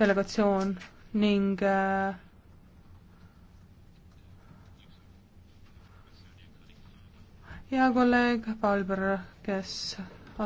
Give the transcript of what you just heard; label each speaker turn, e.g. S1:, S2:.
S1: delegatsioon ning äh, hea kolleeg Valber, kes